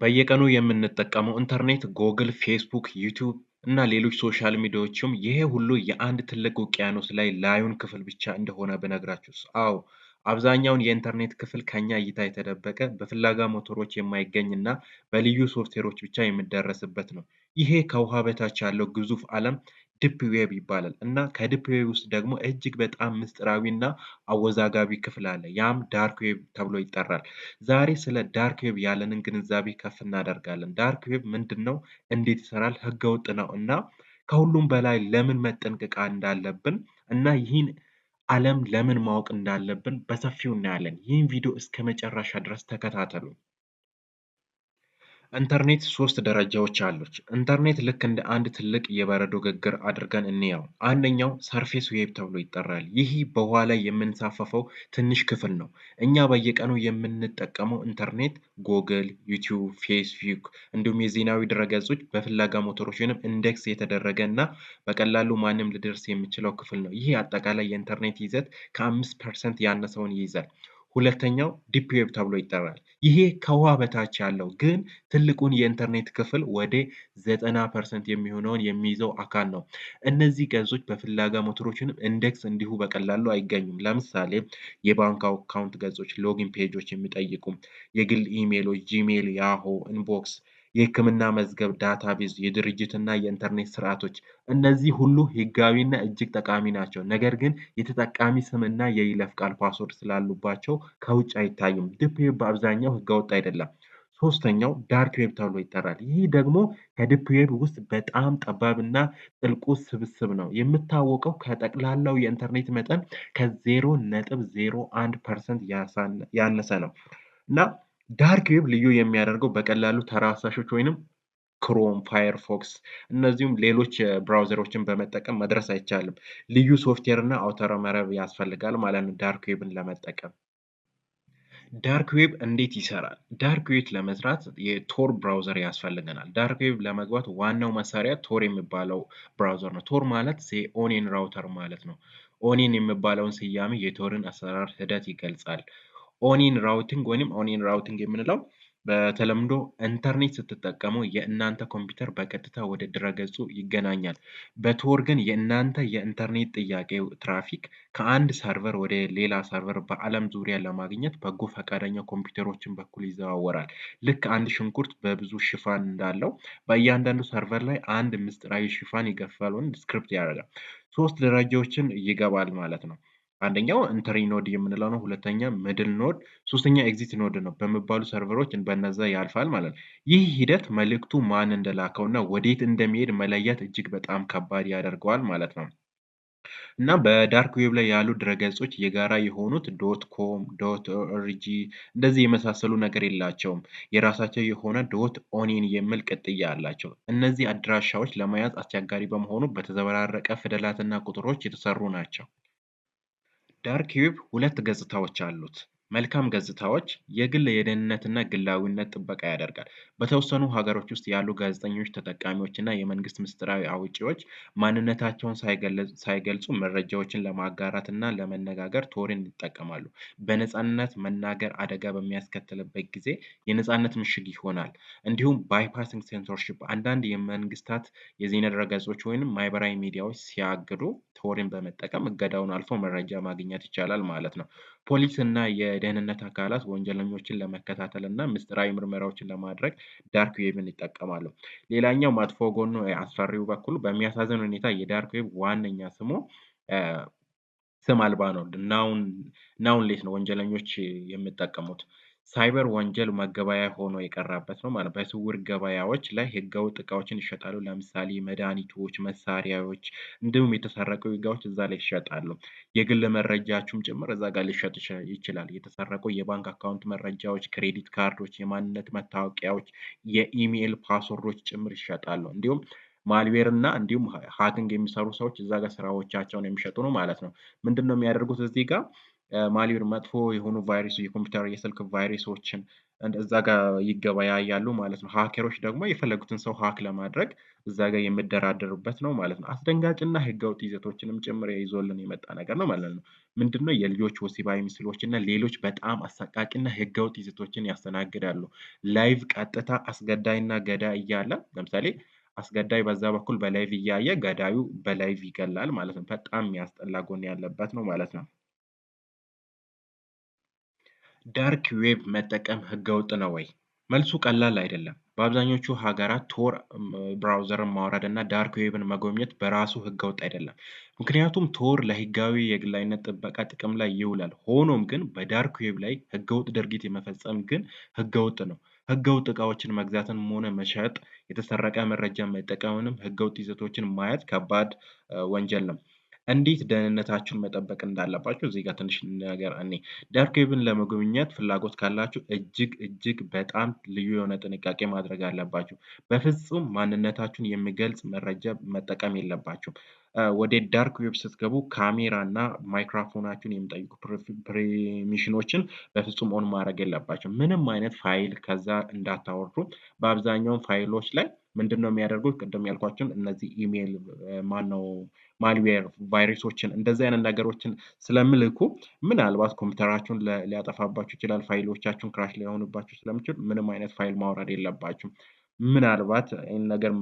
በየቀኑ የምንጠቀመው ኢንተርኔት ጎግል ፌስቡክ ዩቲዩብ እና ሌሎች ሶሻል ሚዲያዎችም ይሄ ሁሉ የአንድ ትልቅ ውቅያኖስ ላይ ላዩን ክፍል ብቻ እንደሆነ ብነግራችሁስ? አዎ አብዛኛውን የኢንተርኔት ክፍል ከኛ እይታ የተደበቀ በፍላጋ ሞተሮች የማይገኝ እና በልዩ ሶፍትዌሮች ብቻ የሚደረስበት ነው። ይሄ ከውሃ በታች ያለው ግዙፍ አለም ዲፕ ዌብ ይባላል እና ከዲፕ ዌብ ውስጥ ደግሞ እጅግ በጣም ምስጢራዊ እና አወዛጋቢ ክፍል አለ። ያም ዳርክ ዌብ ተብሎ ይጠራል። ዛሬ ስለ ዳርክ ዌብ ያለንን ግንዛቤ ከፍ እናደርጋለን። ዳርክ ዌብ ምንድን ነው? እንዴት ይሰራል? ህገወጥ ነው እና ከሁሉም በላይ ለምን መጠንቀቅ እንዳለብን እና ይህን ዓለም ለምን ማወቅ እንዳለብን በሰፊው እናያለን። ይህን ቪዲዮ እስከ መጨረሻ ድረስ ተከታተሉ። ኢንተርኔት ሶስት ደረጃዎች አሉት። ኢንተርኔት ልክ እንደ አንድ ትልቅ የበረዶ ግግር አድርገን እንየው። አንደኛው ሰርፌስ ዌብ ተብሎ ይጠራል። ይህ በውሃ ላይ የምንሳፈፈው ትንሽ ክፍል ነው። እኛ በየቀኑ የምንጠቀመው ኢንተርኔት ጎግል፣ ዩቲዩብ፣ ፌስቡክ እንዲሁም የዜናዊ ድረገጾች በፍላጋ ሞተሮች ወይም ኢንዴክስ የተደረገ እና በቀላሉ ማንም ሊደርስ የሚችለው ክፍል ነው። ይህ አጠቃላይ የኢንተርኔት ይዘት ከአምስት ፐርሰንት ያነሰውን ይይዛል። ሁለተኛው ዲፕ ዌብ ተብሎ ይጠራል። ይሄ ከውሃ በታች ያለው ግን ትልቁን የኢንተርኔት ክፍል ወደ 90 ፐርሰንት የሚሆነውን የሚይዘው አካል ነው። እነዚህ ገጾች በፍላጋ ሞተሮችንም ኢንዴክስ እንዲሁ በቀላሉ አይገኙም። ለምሳሌ የባንክ አካውንት ገጾች፣ ሎጊን ፔጆች የሚጠይቁ የግል ኢሜሎች፣ ጂሜል፣ ያሆ፣ ኢንቦክስ የህክምና መዝገብ ዳታ ቤዝ የድርጅትና የኢንተርኔት ስርዓቶች እነዚህ ሁሉ ህጋዊና እጅግ ጠቃሚ ናቸው። ነገር ግን የተጠቃሚ ስምና የይለፍ ቃል ፓስወርድ ስላሉባቸው ከውጭ አይታዩም። ዲፕ ዌብ በአብዛኛው ህገወጥ አይደለም። ሶስተኛው ዳርክ ዌብ ተብሎ ይጠራል። ይህ ደግሞ ከዲፕ ዌብ ውስጥ በጣም ጠባብና ጥልቁ ስብስብ ነው። የምታወቀው ከጠቅላላው የኢንተርኔት መጠን ከዜሮ ነጥብ ዜሮ አንድ ፐርሰንት ያነሰ ነው እና ዳርክ ዌብ ልዩ የሚያደርገው በቀላሉ ተራሳሾች ወይንም ክሮም፣ ፋየርፎክስ እነዚሁም ሌሎች ብራውዘሮችን በመጠቀም መድረስ አይቻልም። ልዩ ሶፍትዌር እና አውታረ መረብ ያስፈልጋል ማለት ነው ዳርክ ዌብን ለመጠቀም። ዳርክ ዌብ እንዴት ይሰራል? ዳርክ ዌብ ለመስራት የቶር ብራውዘር ያስፈልገናል። ዳርክ ዌብ ለመግባት ዋናው መሳሪያ ቶር የሚባለው ብራውዘር ነው። ቶር ማለት ኦኔን ራውተር ማለት ነው። ኦኔን የሚባለውን ስያሜ የቶርን አሰራር ሂደት ይገልጻል። ኦኒን ራውቲንግ ወይም ኦኒን ራውቲንግ የምንለው በተለምዶ ኢንተርኔት ስትጠቀሙ የእናንተ ኮምፒውተር በቀጥታ ወደ ድረገጹ ይገናኛል። በቶር ግን የእናንተ የኢንተርኔት ጥያቄ ትራፊክ ከአንድ ሰርቨር ወደ ሌላ ሰርቨር በዓለም ዙሪያ ለማግኘት በጎ ፈቃደኛ ኮምፒውተሮችን በኩል ይዘዋወራል። ልክ አንድ ሽንኩርት በብዙ ሽፋን እንዳለው በእያንዳንዱ ሰርቨር ላይ አንድ ምስጢራዊ ሽፋን ይገፋል ወይም ዲስክሪፕት ያደርጋል። ሶስት ደረጃዎችን ይገባል ማለት ነው። አንደኛው ኢንትሪ ኖድ የምንለው ነው። ሁለተኛ ሚድል ኖድ፣ ሶስተኛ ኤግዚት ኖድ ነው በሚባሉ ሰርቨሮች በነዛ ያልፋል ማለት ነው። ይህ ሂደት መልእክቱ ማን እንደላከው እና ወዴት እንደሚሄድ መለየት እጅግ በጣም ከባድ ያደርገዋል ማለት ነው። እና በዳርክ ዌብ ላይ ያሉ ድረገጾች የጋራ የሆኑት ዶት ኮም ዶት ኦርጂ እንደዚህ የመሳሰሉ ነገር የላቸውም። የራሳቸው የሆነ ዶት ኦኒን የሚል ቅጥያ አላቸው። እነዚህ አድራሻዎች ለመያዝ አስቸጋሪ በመሆኑ በተዘበራረቀ ፊደላትና ቁጥሮች የተሰሩ ናቸው። ዳርክ ዌብ ሁለት ገጽታዎች አሉት መልካም ገጽታዎች የግል የደህንነትና ግላዊነት ጥበቃ ያደርጋል። በተወሰኑ ሀገሮች ውስጥ ያሉ ጋዜጠኞች ተጠቃሚዎችና የመንግስት ምስጢራዊ አውጪዎች ማንነታቸውን ሳይገልጹ መረጃዎችን ለማጋራት እና ለመነጋገር ቶሪን ይጠቀማሉ። በነጻነት መናገር አደጋ በሚያስከትልበት ጊዜ የነጻነት ምሽግ ይሆናል። እንዲሁም ባይፓሲንግ ሴንሶርሺፕ አንዳንድ የመንግስታት የዜና ድረገጾች ወይንም ማህበራዊ ሚዲያዎች ሲያግዱ ቶሪን በመጠቀም እገዳውን አልፎ መረጃ ማግኘት ይቻላል ማለት ነው። ፖሊስ እና የ የደህንነት አካላት ወንጀለኞችን ለመከታተል እና ምስጢራዊ ምርመራዎችን ለማድረግ ዳርክ ዌብን ይጠቀማሉ። ሌላኛው መጥፎ ጎኑ አስፈሪው በኩል በሚያሳዝን ሁኔታ የዳርክ ዌብ ዋነኛ ስሙ ስም አልባ ነው። ናውን ሌት ነው ወንጀለኞች የሚጠቀሙት። ሳይበር ወንጀል መገበያያ ሆኖ የቀረበት ነው ማለት በስውር ገበያዎች ላይ ህገወጥ እቃዎችን ይሸጣሉ። ለምሳሌ መድኃኒቶች፣ መሳሪያዎች እንዲሁም የተሰረቁ እቃዎች እዛ ላይ ይሸጣሉ። የግል መረጃችሁም ጭምር እዛ ጋር ሊሸጥ ይችላል። የተሰረቁ የባንክ አካውንት መረጃዎች፣ ክሬዲት ካርዶች፣ የማንነት መታወቂያዎች፣ የኢሜል ፓስወርዶች ጭምር ይሸጣሉ። እንዲሁም ማልዌር እና እንዲሁም ሃኪንግ የሚሰሩ ሰዎች እዛ ጋር ስራዎቻቸውን የሚሸጡ ነው ማለት ነው። ምንድነው የሚያደርጉት እዚህ ጋር ማሊር መጥፎ የሆኑ ቫይረስ የኮምፒውተር የስልክ ቫይረሶችን እዛ ጋር ይገበያያሉ ማለት ነው። ሀከሮች ደግሞ የፈለጉትን ሰው ሀክ ለማድረግ እዛ ጋር የሚደራደሩበት ነው ማለት ነው። አስደንጋጭና ህገወጥ ይዘቶችንም ጭምር ይዞልን የመጣ ነገር ነው ማለት ነው። ምንድነው? የልጆች ወሲባዊ እና ሌሎች በጣም አሳቃቂና ህገወጥ ይዘቶችን ያስተናግዳሉ። ላይቭ ቀጥታ አስገዳይና ገዳይ እያለ ለምሳሌ አስገዳይ በዛ በኩል በላይቭ እያየ ገዳዩ በላይቭ ይገላል ማለት ነው። በጣም የሚያስጠላ ጎን ያለበት ነው ማለት ነው። ዳርክ ዌብ መጠቀም ህገወጥ ነው ወይ? መልሱ ቀላል አይደለም። በአብዛኞቹ ሀገራት ቶር ብራውዘርን ማውረድ እና ዳርክ ዌብን መጎብኘት በራሱ ህገወጥ አይደለም። ምክንያቱም ቶር ለህጋዊ የግላዊነት ጥበቃ ጥቅም ላይ ይውላል። ሆኖም ግን በዳርክ ዌብ ላይ ህገወጥ ድርጊት የመፈጸም ግን ህገወጥ ነው። ህገወጥ እቃዎችን መግዛትን ሆነ መሸጥ፣ የተሰረቀ መረጃ መጠቀምንም ህገወጥ ይዘቶችን ማየት ከባድ ወንጀል ነው። እንዴት ደህንነታችሁን መጠበቅ እንዳለባችሁ እዚህ ጋር ትንሽ ነገር እኔ ዳርክ ዌብን ለመጎብኘት ፍላጎት ካላችሁ እጅግ እጅግ በጣም ልዩ የሆነ ጥንቃቄ ማድረግ አለባችሁ። በፍጹም ማንነታችሁን የሚገልጽ መረጃ መጠቀም የለባችሁም። ወደ ዳርክ ዌብ ስትገቡ ካሜራ እና ማይክራፎናችሁን የሚጠይቁ ፐርሚሽኖችን በፍጹም ኦን ማድረግ የለባቸው። ምንም አይነት ፋይል ከዛ እንዳታወርዱ። በአብዛኛውን ፋይሎች ላይ ምንድን ነው የሚያደርጉት? ቅድም ያልኳቸውን እነዚህ ኢሜይል ማነው ማልዌር ቫይረሶችን እንደዚህ አይነት ነገሮችን ስለምልኩ ምናልባት ኮምፒውተራችሁን ሊያጠፋባችሁ ይችላል። ፋይሎቻችሁን ክራሽ ሊሆንባችሁ ስለምችል ምንም አይነት ፋይል ማውረድ የለባችሁም። ምናልባት ይህን ነገር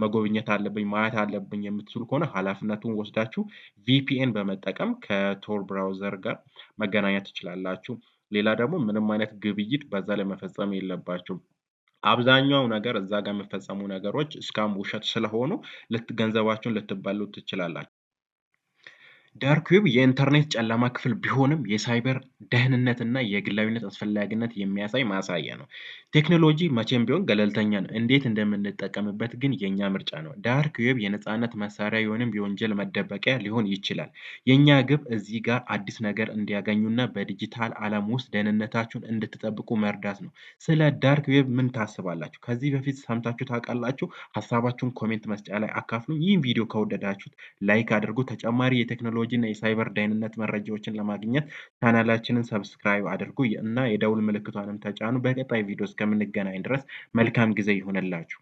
መጎብኘት አለብኝ ማየት አለብኝ የምትሉ ከሆነ ኃላፊነቱን ወስዳችሁ ቪፒኤን በመጠቀም ከቶር ብራውዘር ጋር መገናኘት ትችላላችሁ። ሌላ ደግሞ ምንም አይነት ግብይት በዛ ላይ መፈጸም የለባችሁም። አብዛኛው ነገር እዛ ጋር የሚፈጸሙ ነገሮች እስካም ውሸት ስለሆኑ ገንዘባችሁን ልትበሉ ትችላላችሁ። ዳርክ ዌብ የኢንተርኔት ጨለማ ክፍል ቢሆንም የሳይበር ደህንነትና የግላዊነት አስፈላጊነት የሚያሳይ ማሳያ ነው። ቴክኖሎጂ መቼም ቢሆን ገለልተኛ ነው። እንዴት እንደምንጠቀምበት ግን የእኛ ምርጫ ነው። ዳርክ ዌብ የነፃነት መሳሪያ የሆንም የወንጀል መደበቂያ ሊሆን ይችላል። የእኛ ግብ እዚህ ጋር አዲስ ነገር እንዲያገኙና በዲጂታል ዓለም ውስጥ ደህንነታችሁን እንድትጠብቁ መርዳት ነው። ስለ ዳርክ ዌብ ምን ታስባላችሁ? ከዚህ በፊት ሰምታችሁ ታውቃላችሁ? ሀሳባችሁን ኮሜንት መስጫ ላይ አካፍሉኝ። ይህን ቪዲዮ ከወደዳችሁት ላይክ አድርጉ። ተጨማሪ የቴክኖሎጂ የሳይበር ደህንነት መረጃዎችን ለማግኘት ቻናላችንን ሰብስክራይብ አድርጉ እና የደውል ምልክቷንም ተጫኑ። በቀጣይ ቪዲዮ እስከምንገናኝ ድረስ መልካም ጊዜ ይሆንላችሁ።